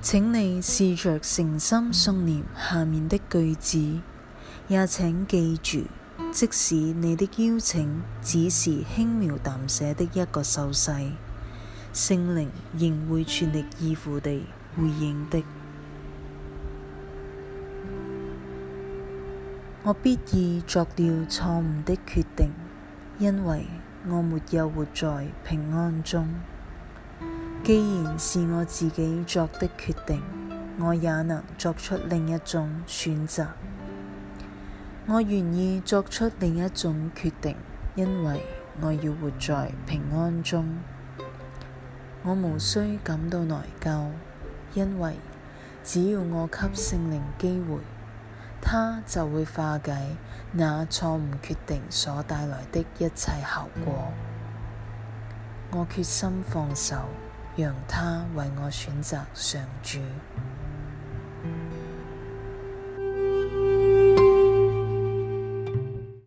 請你試着誠心誦念下面的句子，也請記住，即使你的邀請只是輕描淡寫的一個手勢，聖靈仍會全力以赴地回應的。我必已作了錯誤的決定，因為我沒有活在平安中。既然是我自己作的決定，我也能作出另一種選擇。我願意作出另一種決定，因為我要活在平安中。我無需感到內疚，因為只要我給聖靈機會，他就會化解那錯誤決定所帶來的一切後果。我決心放手。讓他為我選擇上主。